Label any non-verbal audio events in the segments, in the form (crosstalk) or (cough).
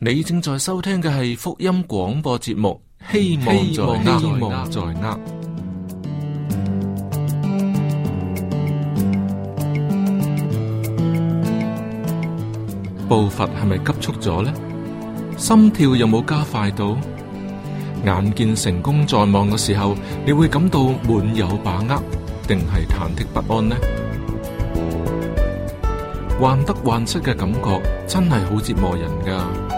你正在收聽嘅係福音廣播節目，希望在希望在握，步伐係咪急促咗呢？心跳有冇加快到？眼見成功在望嘅時候，你會感到滿有把握，定係忐忑不安呢？患得患失嘅感覺真係好折磨人噶。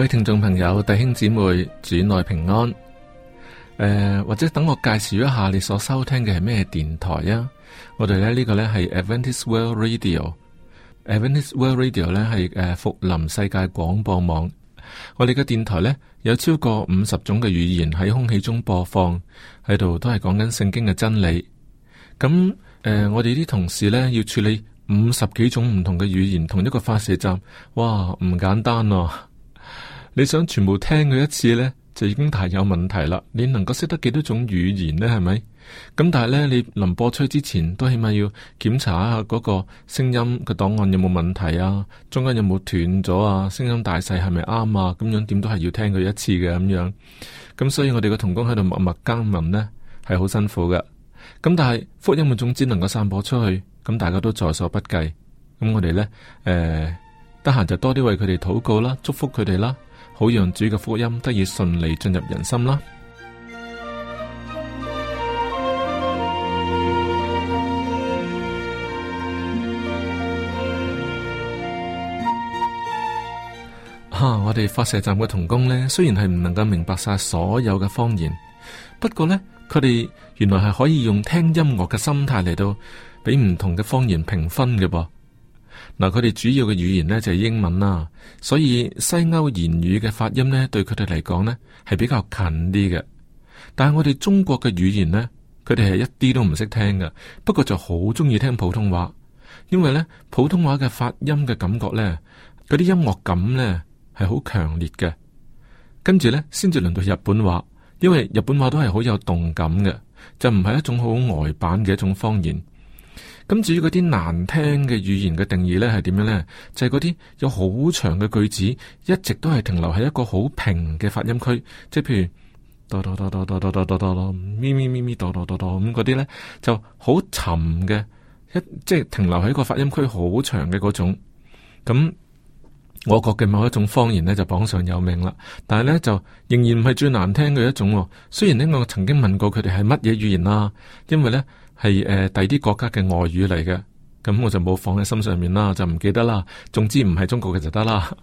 各位聽眾朋友、弟兄姊妹，主內平安。誒、呃，或者等我介紹一下，你所收聽嘅係咩電台啊？我哋咧呢、這個咧係 Adventist World Radio。Adventist World Radio 咧係誒福臨世界廣播網。我哋嘅電台咧有超過五十種嘅語言喺空氣中播放，喺度都係講緊聖經嘅真理。咁誒、呃，我哋啲同事咧要處理五十幾種唔同嘅語言，同一個發射站，哇，唔簡單啊！你想全部聽佢一次呢，就已經太有問題啦！你能夠識得幾多種語言呢？係咪？咁但係呢，你臨播出之前，都起碼要檢查一下嗰個聲音嘅檔案有冇問題啊？中間有冇斷咗啊？聲音大細係咪啱啊？咁樣點都係要聽佢一次嘅咁樣。咁所以我哋嘅同工喺度默默耕耘呢，係好辛苦嘅。咁但係福音嘅種子能夠散播出去，咁大家都在所不計。咁我哋呢，誒得閒就多啲為佢哋禱告啦，祝福佢哋啦。好讓主嘅福音得以順利進入人心啦！哈、啊，我哋發射站嘅同工呢，雖然係唔能夠明白晒所有嘅方言，不過呢，佢哋原來係可以用聽音樂嘅心態嚟到，俾唔同嘅方言評分嘅噃。嗱，佢哋主要嘅語言呢就係英文啦，所以西歐言語嘅發音呢，對佢哋嚟講呢係比較近啲嘅。但係我哋中國嘅語言呢，佢哋係一啲都唔識聽噶，不過就好中意聽普通話，因為呢普通話嘅發音嘅感覺呢，嗰啲音樂感呢係好強烈嘅。跟住呢，先至輪到日本話，因為日本話都係好有動感嘅，就唔係一種好呆板嘅一種方言。咁至於嗰啲難聽嘅語言嘅定義呢係點樣呢？就係嗰啲有好長嘅句子，一直都係停留喺一個好平嘅發音區，即係譬如哆哆哆哆哆哆哆哆哆咪咪咪咪哆哆哆哆，咁嗰啲呢就好沉嘅一即係停留喺個發音區好長嘅嗰種。咁我國嘅某一種方言呢就榜上有名啦，但係呢就仍然唔係最難聽嘅一種喎。雖然呢，我曾經問過佢哋係乜嘢語言啦，因為呢。係誒，第啲、呃、國家嘅外語嚟嘅，咁我就冇放喺心上面啦，就唔記得啦。總之唔係中國嘅就得啦。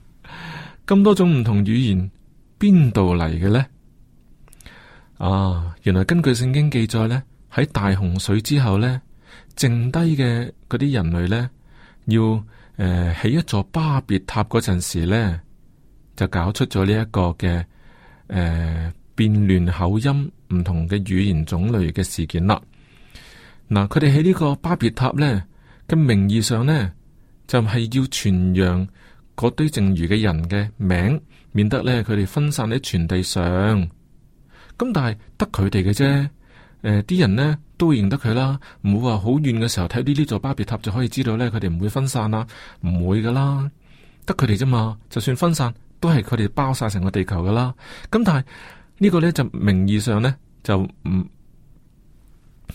咁 (laughs) 多種唔同語言邊度嚟嘅呢？啊，原來根據聖經記載呢，喺大洪水之後呢，剩低嘅嗰啲人類呢，要誒起、呃、一座巴別塔嗰陣時呢，就搞出咗呢一個嘅誒、呃、變亂口音唔同嘅語言種類嘅事件啦。嗱，佢哋喺呢個巴別塔咧嘅名義上咧，就係要傳揚嗰堆剩餘嘅人嘅名，免得咧佢哋分散喺全地上。咁但係得佢哋嘅啫，誒啲人咧都會認得佢啦，唔會話好遠嘅時候睇呢呢座巴別塔就可以知道咧，佢哋唔會分散啦，唔會噶啦，得佢哋啫嘛。就算分散，都係佢哋包晒成個地球噶啦。咁但係呢個咧就名義上咧就唔。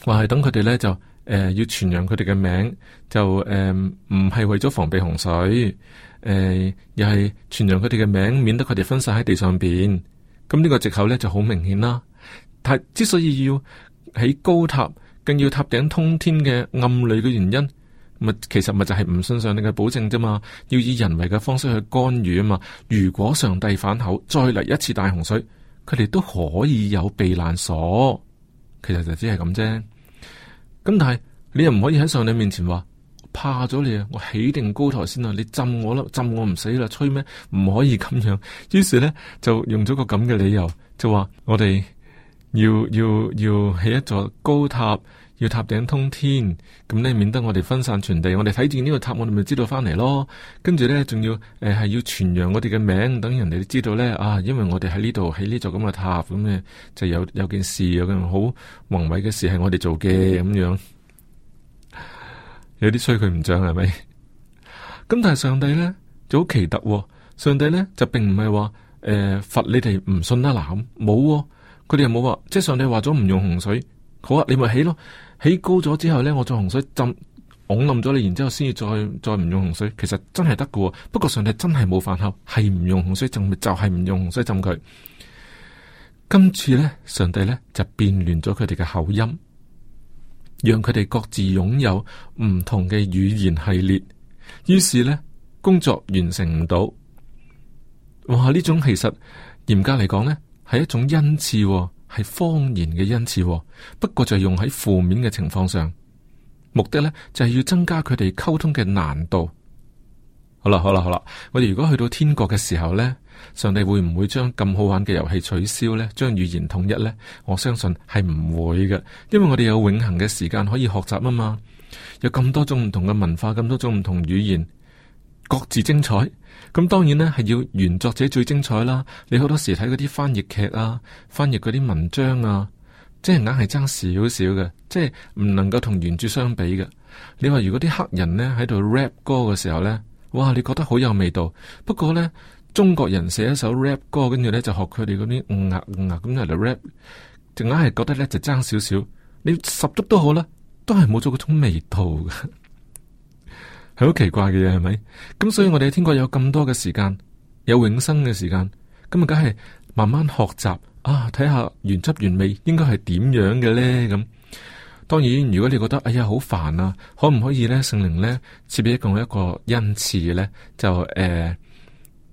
話係等佢哋咧就誒要傳揚佢哋嘅名，就誒唔係為咗防備洪水，誒、呃、又係傳揚佢哋嘅名，免得佢哋分散喺地上邊。咁呢個借口咧就好明顯啦。但係之所以要喺高塔，更要塔頂通天嘅暗裏嘅原因，咁其實咪就係唔信上帝嘅保證啫嘛，要以人為嘅方式去干預啊嘛。如果上帝反口，再嚟一次大洪水，佢哋都可以有避難所。其實就只係咁啫，咁但係你又唔可以喺上帝面前話怕咗你啊，我起定高台先啦，你浸我啦，浸我唔死啦，吹咩？唔可以咁樣。於是咧就用咗個咁嘅理由，就話我哋要要要起一座高塔。要塔頂通天，咁咧免得我哋分散全地，我哋睇見呢個塔，我哋咪知道翻嚟咯。跟住咧，仲要誒、係、呃、要傳揚我哋嘅名，等人哋都知道咧。啊，因為我哋喺呢度，喺呢座咁嘅塔，咁咧就有有件事，有咁好宏偉嘅事係我哋做嘅，咁樣有啲衰佢唔長係咪？咁 (laughs) 但係上帝咧就好奇特、哦，上帝咧就並唔係話誒罰你哋唔信得、啊、嗱，冇，佢哋、哦、又冇話，即係上帝話咗唔用洪水。好啊，你咪起咯，起高咗之後咧，我再洪水浸，昂冧咗你，然之後先至再再唔用洪水，其實真係得嘅。不過上帝真係冇反口，係唔用洪水浸，就係、是、唔用洪水浸佢。今次咧，上帝咧就變亂咗佢哋嘅口音，讓佢哋各自擁有唔同嘅語言系列。於是咧，工作完成唔到。哇！呢種其實嚴格嚟講咧，係一種恩賜、哦。係方言嘅。因此，不過就係用喺負面嘅情況上，目的呢，就係要增加佢哋溝通嘅難度。好啦，好啦，好啦，我哋如果去到天國嘅時候呢，上帝會唔會將咁好玩嘅遊戲取消呢？將語言統一呢？我相信係唔會嘅，因為我哋有永恆嘅時間可以學習啊嘛，有咁多種唔同嘅文化，咁多種唔同語言。各自精彩，咁當然咧係要原作者最精彩啦。你好多時睇嗰啲翻譯劇啊，翻譯嗰啲文章啊，即係硬係爭少少嘅，即係唔能夠同原著相比嘅。你話如果啲黑人咧喺度 rap 歌嘅時候咧，哇，你覺得好有味道。不過咧，中國人寫一首 rap 歌，跟住咧就學佢哋嗰啲嗯啊嗯啊咁嚟 rap，就硬係覺得咧就爭少少。你十足都好啦，都係冇咗嗰種味道嘅。係好奇怪嘅嘢，係咪？咁所以，我哋天國有咁多嘅時間，有永生嘅時間，咁啊，梗係慢慢學習啊，睇下原汁原味應該係點樣嘅咧。咁當然，如果你覺得哎呀好煩啊，可唔可以咧？聖靈咧，賜俾我一個恩賜咧，就誒，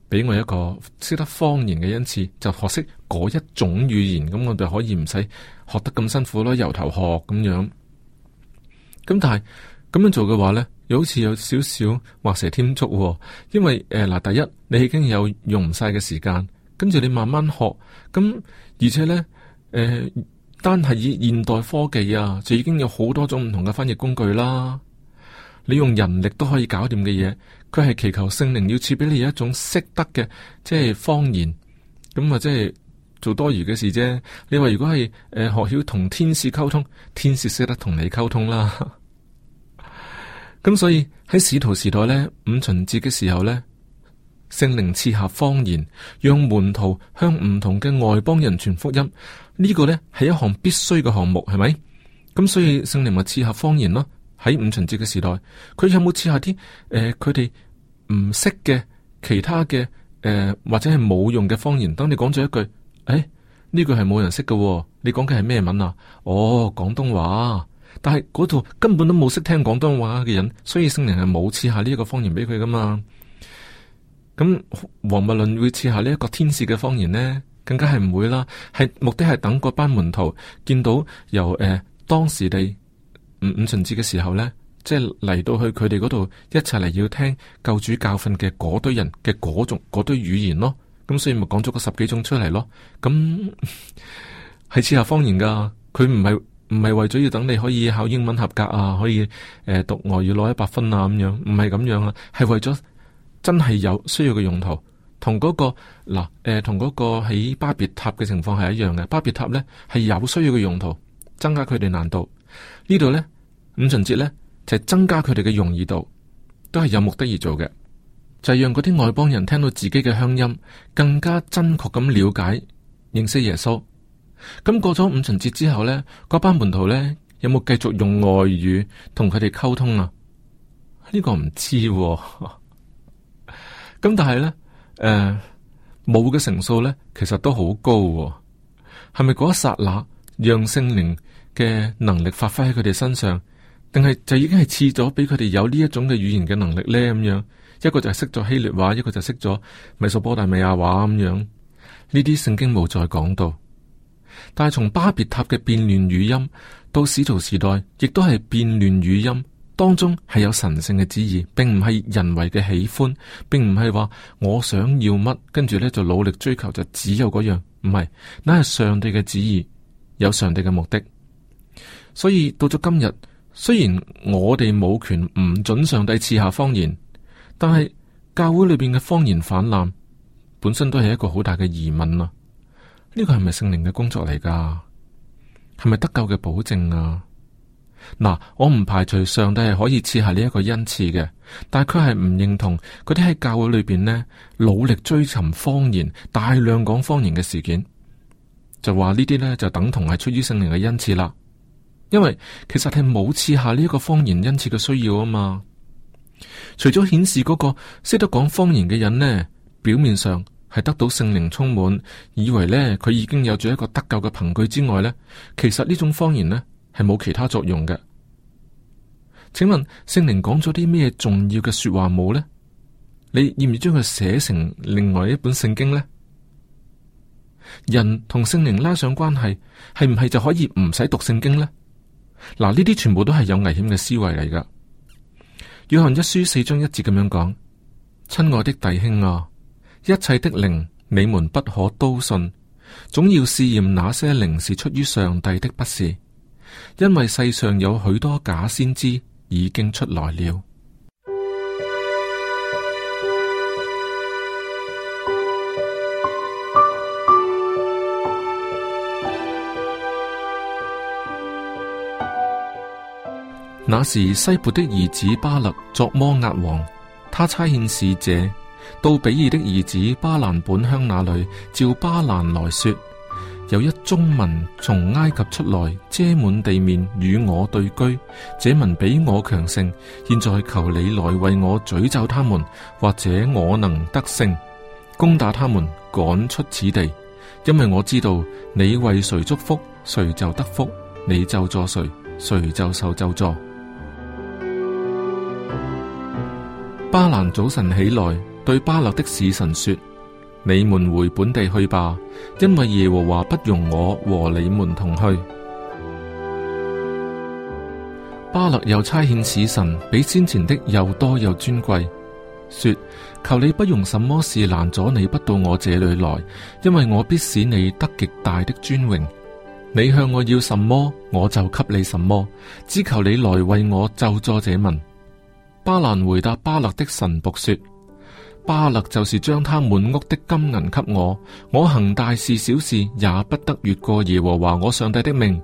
俾、呃、我一個識得方言嘅恩賜，就學識嗰一種語言，咁我哋可以唔使學得咁辛苦咯，由頭學咁樣。咁但係咁樣做嘅話咧？又好有好似有少少畫蛇添足喎、哦，因為誒嗱、呃，第一你已經有用唔晒嘅時間，跟住你慢慢學，咁而且呢，誒、呃，單係以現代科技啊，就已經有好多種唔同嘅翻譯工具啦。你用人力都可以搞掂嘅嘢，佢係祈求聖靈要賜俾你一種識得嘅即係方言，咁啊即係做多餘嘅事啫。你話如果係誒、呃、學曉同天使溝通，天使識得同你溝通啦。咁所以喺使徒時代咧，五旬節嘅時候咧，聖靈賜下方言，讓門徒向唔同嘅外邦人傳福音。這個、呢個咧係一項必須嘅項目，係咪？咁所以聖靈咪賜下方言咯。喺五旬節嘅時代，佢有冇賜下啲誒佢哋唔識嘅其他嘅誒、呃、或者係冇用嘅方言？當你講咗一句，誒呢句係冇人識嘅、啊，你講嘅係咩文啊？哦，廣東話。但係嗰度根本都冇識聽廣東話嘅人，所以聖靈係冇賜下呢一個方言俾佢噶嘛。咁王物論會賜下呢一個天使嘅方言呢，更加係唔會啦。係目的係等嗰班門徒見到由誒、呃、當時地五五旬節嘅時候呢，即係嚟到去佢哋嗰度一齊嚟要聽救主教訓嘅嗰堆人嘅嗰種嗰堆語言咯。咁所以咪講咗嗰十幾種出嚟咯。咁係賜下方言噶，佢唔係。唔係為咗要等你可以考英文合格啊，可以誒讀外語攞一百分啊咁樣，唔係咁樣啊，係為咗真係有需要嘅用途，同嗰、那個嗱誒，同、呃、個喺巴別塔嘅情況係一樣嘅。巴別塔咧係有需要嘅用途，增加佢哋難度。呢度呢，五旬節咧就係、是、增加佢哋嘅容易度，都係有目的而做嘅，就係、是、讓嗰啲外邦人聽到自己嘅鄉音，更加真確咁了解認識耶穌。咁過咗五旬節之後呢，嗰班門徒呢，有冇繼續用外語同佢哋溝通啊？呢、這個唔知咁、啊， (laughs) 但係呢，誒、呃，冇嘅成數呢，其實都好高、啊。係咪嗰一剎那讓聖靈嘅能力發揮喺佢哋身上，定係就已經係賜咗俾佢哋有呢一種嘅語言嘅能力呢？咁樣一個就係識咗希臘話，一個就識咗美索波大美亞話咁樣，呢啲聖經冇再講到。但係從巴別塔嘅變亂語音到使徒時代，亦都係變亂語音當中係有神聖嘅旨意，並唔係人為嘅喜歡，並唔係話我想要乜，跟住呢，就努力追求就只有嗰樣，唔係，乃係上帝嘅旨意，有上帝嘅目的。所以到咗今日，雖然我哋冇權唔准上帝賜下方言，但係教會裏邊嘅方言泛濫，本身都係一個好大嘅疑問啦。呢個係咪聖靈嘅工作嚟噶？係咪得救嘅保證啊？嗱，我唔排除上帝係可以賜下呢一個恩賜嘅，但係佢係唔認同嗰啲喺教會裏邊呢，努力追尋方言、大量講方言嘅事件，就話呢啲呢，就等同係出於聖靈嘅恩賜啦。因為其實係冇賜下呢一個方言恩賜嘅需要啊嘛。除咗顯示嗰個識得講方言嘅人呢，表面上。係得到聖靈充滿，以為呢，佢已經有咗一個得救嘅憑據之外呢，其實呢種方言呢，係冇其他作用嘅。請問聖靈講咗啲咩重要嘅說話冇呢？你要唔要將佢寫成另外一本聖經呢？人同聖靈拉上關係，係唔係就可以唔使讀聖經呢？嗱，呢啲全部都係有危險嘅思維嚟噶。約翰一書四章一節咁樣講，親愛的弟兄啊！一切的靈，你們不可都信，總要試驗那些靈是出於上帝的，不是，因為世上有許多假先知已經出來了。 (music) 那時，西伯的兒子巴勒作摩押王，他差遣使者。到比爾的兒子巴蘭本鄉那裏，照巴蘭來說，有一宗民從埃及出來，遮滿地面與我對居，這民比我強盛。現在求你來為我詛咒他們，或者我能得勝，攻打他們，趕出此地。因為我知道你為誰祝福，誰就得福；你咒詛誰，誰就受咒詛。巴蘭早晨起來。對巴勒的使臣說：你們回本地去吧，因為耶和華不容我和你們同去。巴勒又差遣使臣比先前的又多又尊貴，說：求你不容什麼事攔阻你不到我這裡來，因為我必使你得極大的尊榮。你向我要什麼，我就給你什麼，只求你來為我咒詛這民。巴蘭回答巴勒的神僕說。巴勒就是將他滿屋的金銀給我，我行大事小事也不得越過耶和華我上帝的命。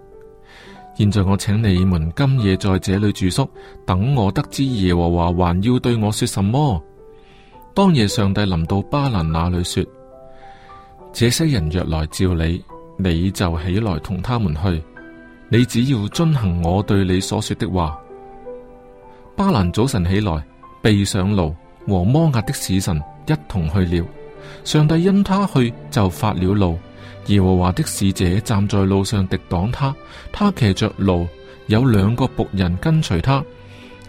現在我請你們今夜在這裏住宿，等我得知耶和華還要對我說什麼。當夜上帝臨到巴蘭那裏說：這些人若來召你，你就起來同他們去，你只要遵行我對你所說的話。巴蘭早晨起來，備上驢和摩押的使臣一同去了，上帝因他去就發了怒，耶和華的使者站在路上敵擋他，他騎着驢，有兩個僕人跟隨他。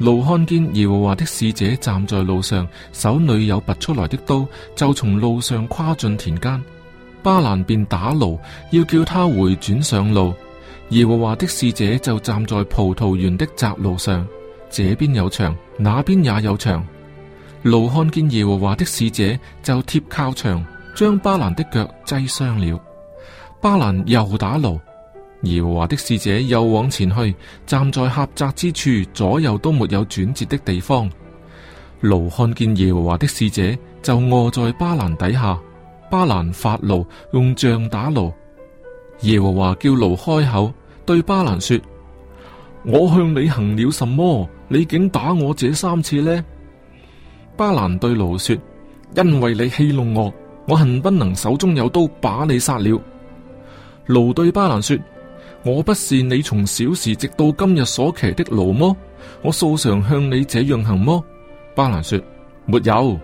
驢看見耶和華的使者站在路上，手裏有拔出來的刀，就從路上跨進田間。巴蘭便打驢，要叫他回轉上路。耶和華的使者就站在葡萄園的窄路上，這邊有牆，那邊也有牆。驢看見耶和華的使者，就貼靠牆，就貼靠牆，將巴蘭的腳擠傷了。巴蘭又打驢，耶和華的使者又往前去，站在狹窄之處，左右都沒有轉折的地方。驢看見耶和華的使者，就臥在巴蘭底下。巴蘭發怒，用杖打驢。耶和華叫驢開口對巴蘭說： (laughs) 我向你行了什麼？你竟打我這三次呢？巴蘭對驢說：因為你戲弄我，我恨不能手中有刀把你殺了。驢對巴蘭說：我不是你從小時直到今日所騎的驢麼？我素常向你這樣行麼？巴蘭說：沒有。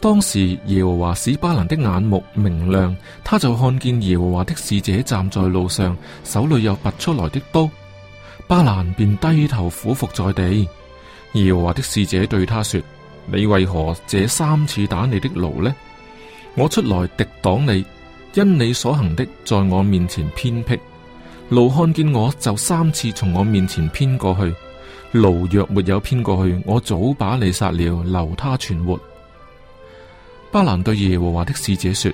當時耶和華使巴蘭的眼目明亮，他就看見耶和華的使者站在路上，手裏有拔出來的刀。巴蘭便低頭俯伏在地，耶和華的使者對他說。你為何這三次打你的驢呢？我出來敵擋你，因你所行的在我面前偏僻，驢看見我就三次從我面前偏過去。驢若沒有偏過去，我早把你殺了，留他存活。巴蘭對耶和華的使者說：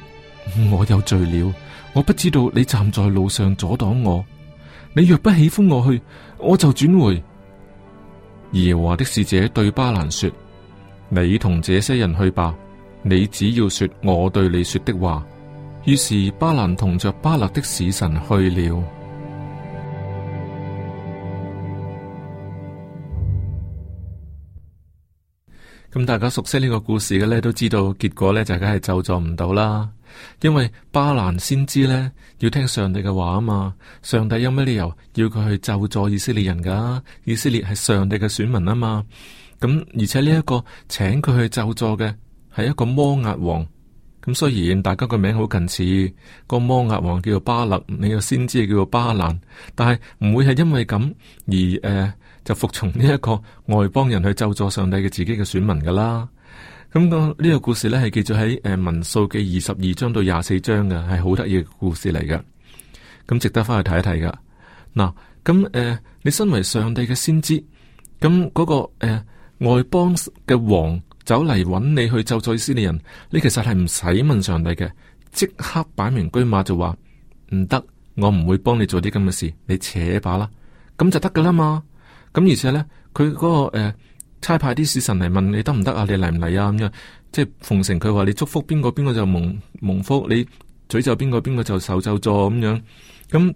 我有罪了，我不知道你站在路上阻擋我。你若不喜歡我去，我就轉回。耶和華的使者對巴蘭說。你同這些人去吧，你只要說我對你說的話。於是巴蘭同着巴勒的使臣去了。咁 (noise) 大家熟悉呢個故事嘅咧，都知道結果呢就梗係咒詛唔到啦。因為巴蘭先知呢要聽上帝嘅話啊嘛，上帝有咩理由要佢去咒詛以色列人噶、啊？以色列係上帝嘅選民啊嘛。咁而且呢一個請佢去咒詛嘅係一個摩押王，咁雖然大家個名好近似，個摩押王叫做巴勒，你、個先知叫做巴蘭，但係唔會係因為咁而誒、呃、就服從呢一個外邦人去咒詛上帝嘅自己嘅選民噶啦。咁個呢個故事咧係記住喺誒民數記二十二章到廿四章嘅，係好得意嘅故事嚟嘅，咁值得翻去睇一睇噶。嗱，咁誒、呃、你身為上帝嘅先知，咁嗰、個誒。呃外邦嘅王走嚟揾你去咒詛以色列人，你其實係唔使問上帝嘅，即刻擺明車馬就話唔得，我唔會幫你做啲咁嘅事，你扯罷啦，咁就得噶啦嘛。咁而且咧，佢嗰、那個誒差、呃、派啲使臣嚟問你得唔得啊？你嚟唔嚟啊？咁樣即係奉承佢話你祝福邊個邊個就蒙蒙福，你詛咒邊個邊個就受咒詛咁樣。咁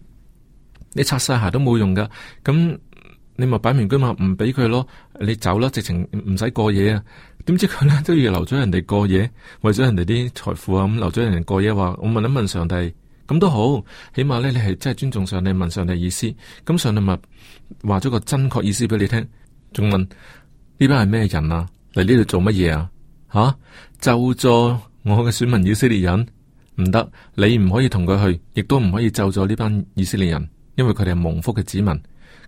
你擦晒鞋都冇用噶。咁你咪擺明居嘛，唔俾佢咯，你走啦，直情唔使過夜啊？點知佢咧都要留咗人哋過夜，為咗人哋啲財富啊，咁留咗人哋過夜。話我問一問上帝，咁都好，起碼咧你係真係尊重上帝，問上帝意思。咁上帝咪話咗個真確意思俾你聽。仲問呢班係咩人啊？嚟呢度做乜嘢啊？吓、啊，咒詛我嘅選民以色列人唔得，你唔可以同佢去，亦都唔可以咒詛呢班以色列人，因為佢哋係蒙福嘅子民。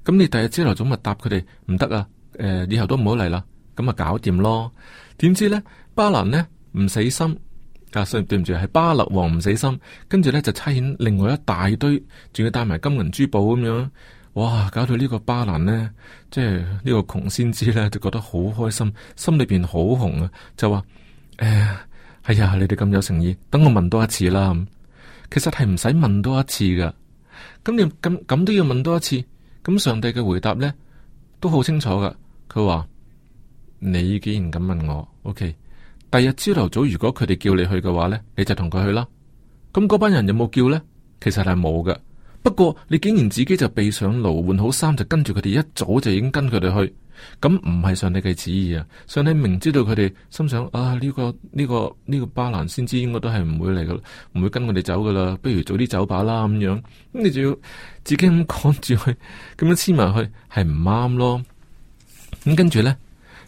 咁你第二朝頭早咪答佢哋唔得啊？誒、呃，以後都唔好嚟啦。咁咪搞掂咯。點知咧巴蘭呢，唔死心啊？對唔住，係巴勒王唔死心。跟住咧就差遣另外一大堆，仲要帶埋金銀珠寶咁樣。哇！搞到呢個巴蘭呢，即係呢、這個窮先知咧，就覺得好開心，心裏邊好紅啊！就話誒，係、哎呀，哎、呀，你哋咁有誠意，等我問多一次啦。其實係唔使問多一次噶。咁你咁咁都要問多一次？咁上帝嘅回答咧，都好清楚噶。佢話你竟然咁問我，O K，第日朝頭早，如果佢哋叫你去嘅話咧，你就同佢去啦。咁嗰班人有冇叫咧？其實係冇噶。不過你竟然自己就備上爐，換好衫就跟住，佢哋一早就已經跟佢哋去。咁唔係上帝嘅旨意啊！上帝明知道佢哋心想啊，呢、呢個呢、呢個呢、呢個巴蘭先知應該都係唔會嚟噶啦，唔會跟我哋走噶啦，不如早啲走吧啦咁樣。咁你仲要自己咁趕住去，咁樣黐埋去，係唔啱咯。咁、嗯、跟住咧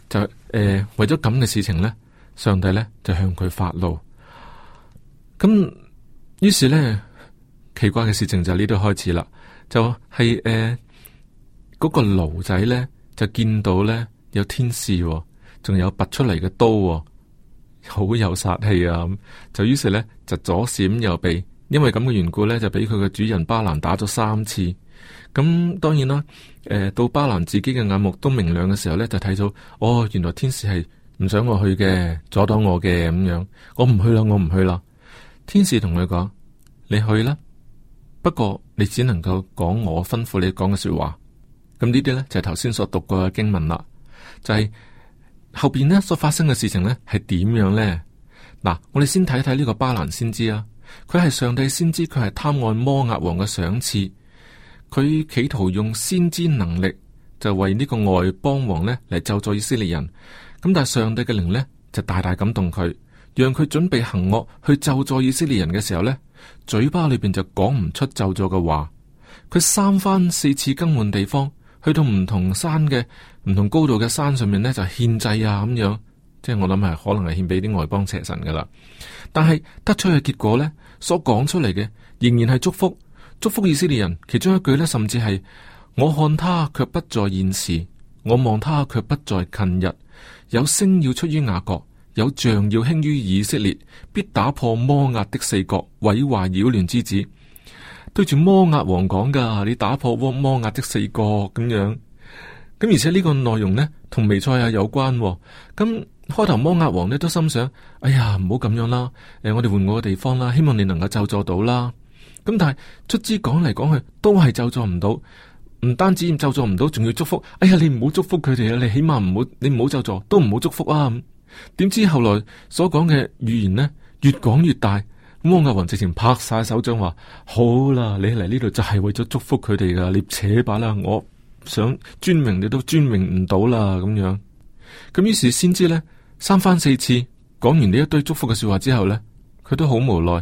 就誒、呃，為咗咁嘅事情咧，上帝咧就向佢發怒。咁、嗯、於是咧，奇怪嘅事情就係呢度開始啦。就係誒嗰個驢仔咧。就見到呢，有天使、哦，仲有拔出嚟嘅刀、哦，好有殺氣啊！咁就於是呢，就左閃右避，因為咁嘅緣故呢，就俾佢嘅主人巴蘭打咗三次。咁、嗯、當然啦，誒、呃、到巴蘭自己嘅眼目都明亮嘅時候呢，就睇到哦，原來天使係唔想我去嘅，阻擋我嘅咁樣，我唔去啦，我唔去啦。天使同佢講：你去啦，不過你只能夠講我吩咐你講嘅說話。咁呢啲呢，就係頭先所讀過嘅經文啦，就係後邊呢所發生嘅事情呢，係點樣呢？嗱，我哋先睇睇呢個巴蘭先知啊，佢係上帝先知，佢係貪愛摩押王嘅賞賜，佢企圖用先知能力就為呢個外邦王呢嚟咒詛以色列人。咁但係上帝嘅靈呢，就大大感動佢，讓佢準備行惡去咒詛以色列人嘅時候呢，嘴巴裏邊就講唔出咒詛嘅話，佢三番四次更換地方。去到唔同山嘅唔同高度嘅山上面呢，就獻祭啊咁樣，即係我諗係可能係獻俾啲外邦邪神噶啦。但係得出嘅結果呢，所講出嚟嘅仍然係祝福，祝福以色列人。其中一句呢，甚至係：我看他卻不在現時，我望他卻不在近日。有星要出於雅各，有杖要興於以色列，必打破摩押的四角，毀壞擾亂之子。對住摩押王講噶你打破摩摩押的四角咁樣，咁而且呢個內容呢，同彌賽亞有關，哦。咁開頭摩押王呢都心想：哎呀，唔好咁樣啦，誒、呃，我哋換個地方啦，希望你能夠咒詛到啦。咁但係卒之講嚟講去，都係咒詛唔到，唔單止咒詛唔到，仲要祝福。哎呀，你唔好祝福佢哋啊，你起碼唔好，你唔好咒詛，都唔好祝福啊。咁點知後來所講嘅預言呢，越講越大。汪押王直情拍晒手掌話：好啦，你嚟呢度就係為咗祝福佢哋噶，你扯把啦，我想尊榮你都尊榮唔到啦咁樣。咁於是先知咧，三番四次講完呢一堆祝福嘅說話之後咧，佢都好無奈。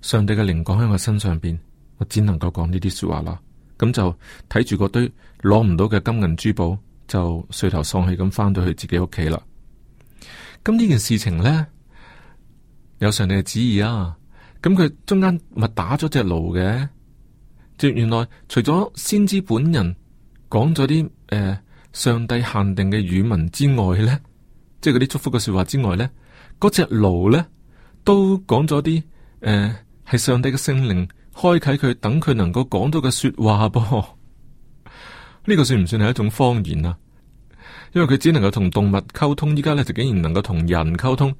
上帝嘅靈降喺我身上邊，我只能夠講呢啲說話啦。咁就睇住個堆攞唔到嘅金銀珠寶，就垂頭喪氣咁翻到去自己屋企啦。咁呢件事情咧，有上帝嘅旨意啊！咁佢中間咪打咗隻驢嘅，即原來除咗先知本人講咗啲誒上帝限定嘅語文之外咧，即係嗰啲祝福嘅說話之外咧，嗰隻驢咧都講咗啲誒係上帝嘅聖靈開啟佢，等佢能夠講到嘅說話。噃，呢個算唔算係一種方言啊？因為佢只能夠同動物溝通，依家咧就竟然能夠同人溝通，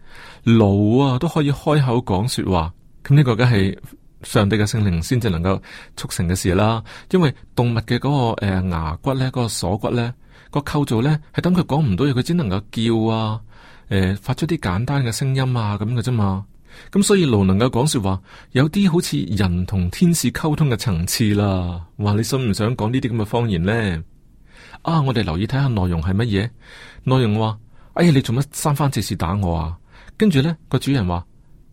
驢啊都可以開口講說話。咁呢個梗係上帝嘅聖靈先至能夠促成嘅事啦，因為動物嘅嗰、那個誒、呃、牙骨咧，嗰、那個鎖骨咧，那個構造咧，係等佢講唔到嘢，佢只能夠叫啊，誒、呃，發出啲簡單嘅聲音啊，咁嘅啫嘛。咁、嗯、所以驢能夠講說話，有啲好似人同天使溝通嘅層次啦。話你信唔想講呢啲咁嘅方言咧？啊，我哋留意睇下內容係乜嘢。內容話：哎呀，你做乜三番四次打我啊？跟住咧，個主人話。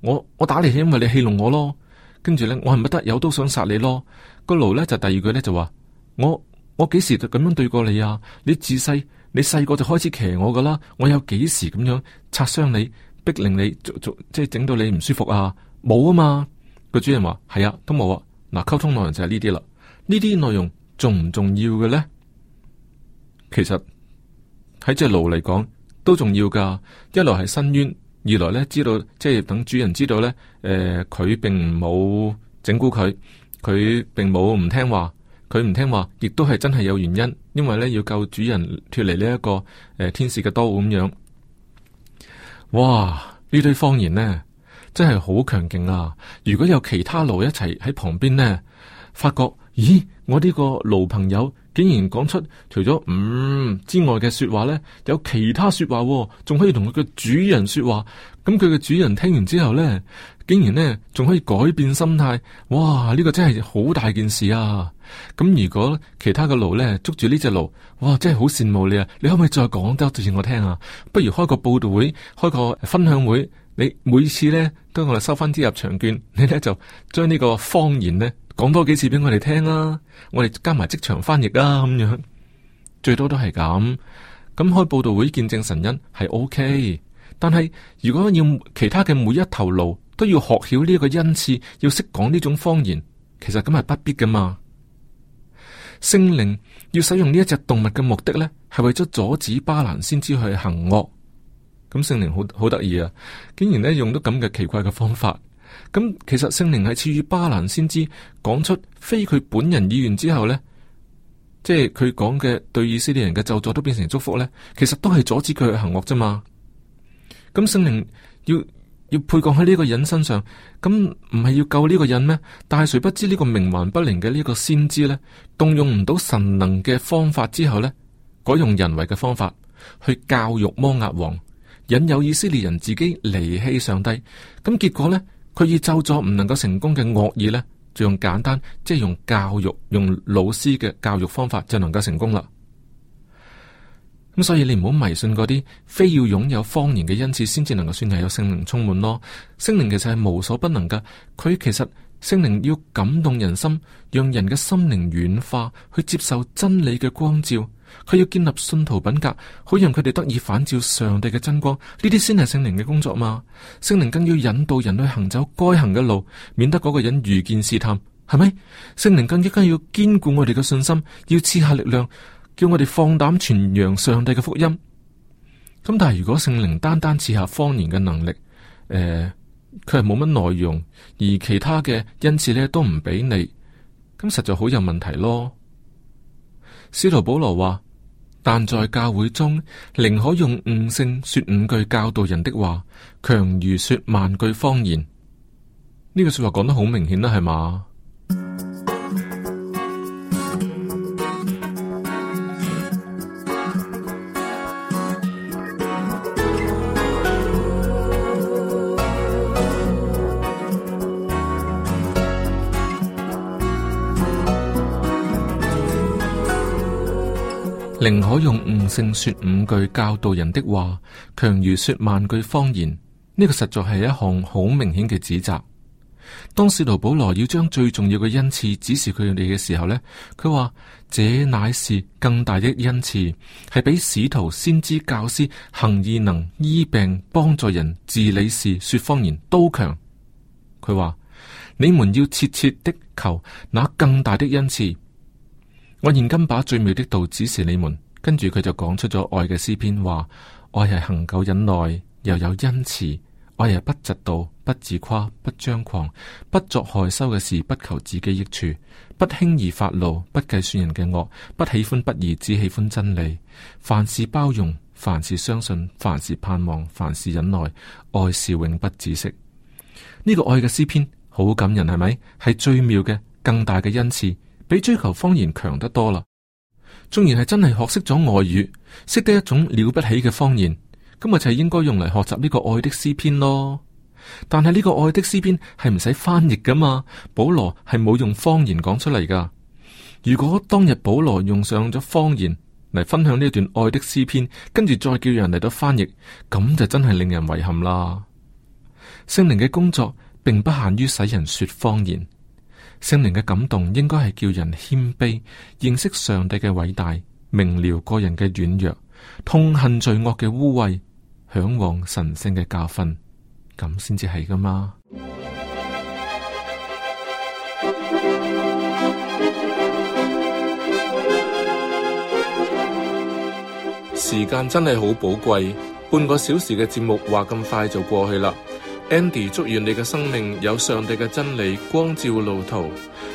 我我打你係因為你戲弄我咯，跟住咧我恨唔得有都想殺你咯。那個爐咧就第二句咧就話，我我幾時就咁樣對過你啊？你自細你細個就開始騎我噶啦，我有幾時咁樣擦傷你逼令你做做即係整到你唔舒服啊？冇啊嘛。個主人話，係啊都冇啊。嗱，溝通內容就係呢啲啦，呢啲內容重唔重要嘅咧？其實喺隻爐嚟講都重要噶，一來係伸冤。二來咧，知道即係等主人知道咧，誒、呃，佢並冇整蠱佢，佢並冇唔聽話，佢唔聽話，亦都係真係有原因，因為咧要救主人脱離呢一個誒、呃、天使嘅刀咁樣。哇，呢堆方言呢，真係好強勁啊！如果有其他驢一齊喺旁邊呢，發覺咦，我呢個驢朋友。竟然講出除咗唔、嗯、之外嘅說話咧，有其他說話，哦，仲可以同佢嘅主人說話。咁佢嘅主人聽完之後咧，竟然咧仲可以改變心態。哇！呢、這個真係好大件事啊！咁如果其他嘅驢咧捉住呢隻驢，哇！真係好羨慕你啊！你可唔可以再講多幾次畀我聽啊？不如開個報道會，開個分享會。你每次咧都我哋收翻啲入場券，你咧就將呢個方言咧。講多幾次俾我哋聽啦，我哋加埋即場翻譯啊，咁樣最多都係咁。咁開佈道會見證神恩係 OK，但係如果要其他嘅每一頭驢都要學曉呢個恩賜，要識講呢種方言，其實咁係不必噶嘛。聖靈要使用呢一隻動物嘅目的呢，係為咗阻止巴蘭先知去行惡。咁聖靈好好得意啊，竟然呢用到咁嘅奇怪嘅方法。咁其實聖靈係賜予巴蘭先知講出非佢本人意願之後呢，即係佢講嘅對以色列人嘅咒詛都變成祝福呢，其實都係阻止佢行惡啫嘛。咁聖靈要要配降喺呢個人身上，咁唔係要救呢個人咩？但係誰不知呢個冥頑不靈嘅呢個先知呢，動用唔到神能嘅方法之後呢，改用人為嘅方法去教育摩押王，引誘以色列人自己離棄上帝，咁、嗯、結果呢。佢以咒咗唔能夠成功嘅惡意呢就用簡單，即係用教育，用老師嘅教育方法就能夠成功啦。咁所以你唔好迷信嗰啲非要擁有方言嘅恩賜，先至能夠算係有聖靈充滿咯。聖靈其實係無所不能噶，佢其實聖靈要感動人心，讓人嘅心靈軟化，去接受真理嘅光照。佢要建立信徒品格，好讓佢哋得以反照上帝嘅真光，呢啲先係聖靈嘅工作嘛。聖靈更要引導人類行走該行嘅路，免得嗰個人遇見試探，係咪？聖靈更加要堅固我哋嘅信心，要賜下力量，叫我哋放膽傳揚上帝嘅福音。咁但係如果聖靈單單賜下方言嘅能力，誒、呃，佢係冇乜內容，而其他嘅恩賜咧都唔俾你，咁實在好有問題咯。使徒保羅話。但在教會中，寧可用悟性說五句教導人的話，強如說萬句方言。呢句說話講得好明顯啦，係嘛？寧可用悟性說五句教導人的話，強如說萬句方言。呢、這個實在係一項好明顯嘅指責。當使徒保羅要將最重要嘅恩賜指示佢哋嘅時候呢，佢話：，這乃是更大的恩賜，係比使徒、先知、教師、行義、能醫病、幫助人、治理事、說方言都強。佢話：，你們要切切的求那更大的恩賜。我現今把最妙的道指示你們，跟住佢就講出咗愛嘅詩篇，話愛係恆久忍耐，又有恩慈；愛係不嫉妒，不自誇，不張狂，不作害羞嘅事，不求自己益處，不輕易發怒，不計算人嘅惡，不喜歡不義，只喜歡真理。凡事包容，凡事相信，凡事盼望，凡事忍耐。愛是永不止息。呢、這個愛嘅詩篇好感人，係咪？係最妙嘅，更大嘅恩賜。比追求方言強得多啦！縱然係真係學識咗外語，識得一種了不起嘅方言，咁啊就係應該用嚟學習呢個愛的詩篇咯。但係呢個愛的詩篇係唔使翻譯噶嘛？保羅係冇用方言講出嚟噶。如果當日保羅用上咗方言嚟分享呢段愛的詩篇，跟住再叫人嚟到翻譯，咁就真係令人遺憾啦。聖靈嘅工作並不限於使人說方言。聖靈嘅感動應該係叫人謙卑，認識上帝嘅偉大，明了個人嘅軟弱，痛恨罪惡嘅污穢，向往神聖嘅教訓，咁先至係噶嘛？時間真係好寶貴，半個小時嘅節目話咁快就過去啦。Andy，祝願你嘅生命有上帝嘅真理光照路途，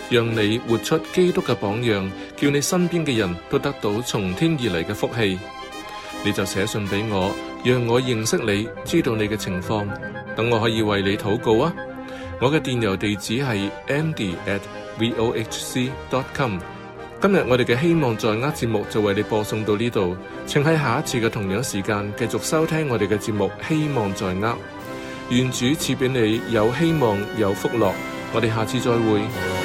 讓你活出基督嘅榜樣，叫你身邊嘅人都得到從天而來嘅福氣。你就寫信俾我，讓我認識你，知道你嘅情況，等我可以為你禱告啊。我嘅電郵地址係 andy at v o h c dot com。今日我哋嘅希望在握節目就為你播送到呢度，請喺下一次嘅同樣時間繼續收聽我哋嘅節目。希望在握。願主賜俾你有希望有福樂，我哋下次再會。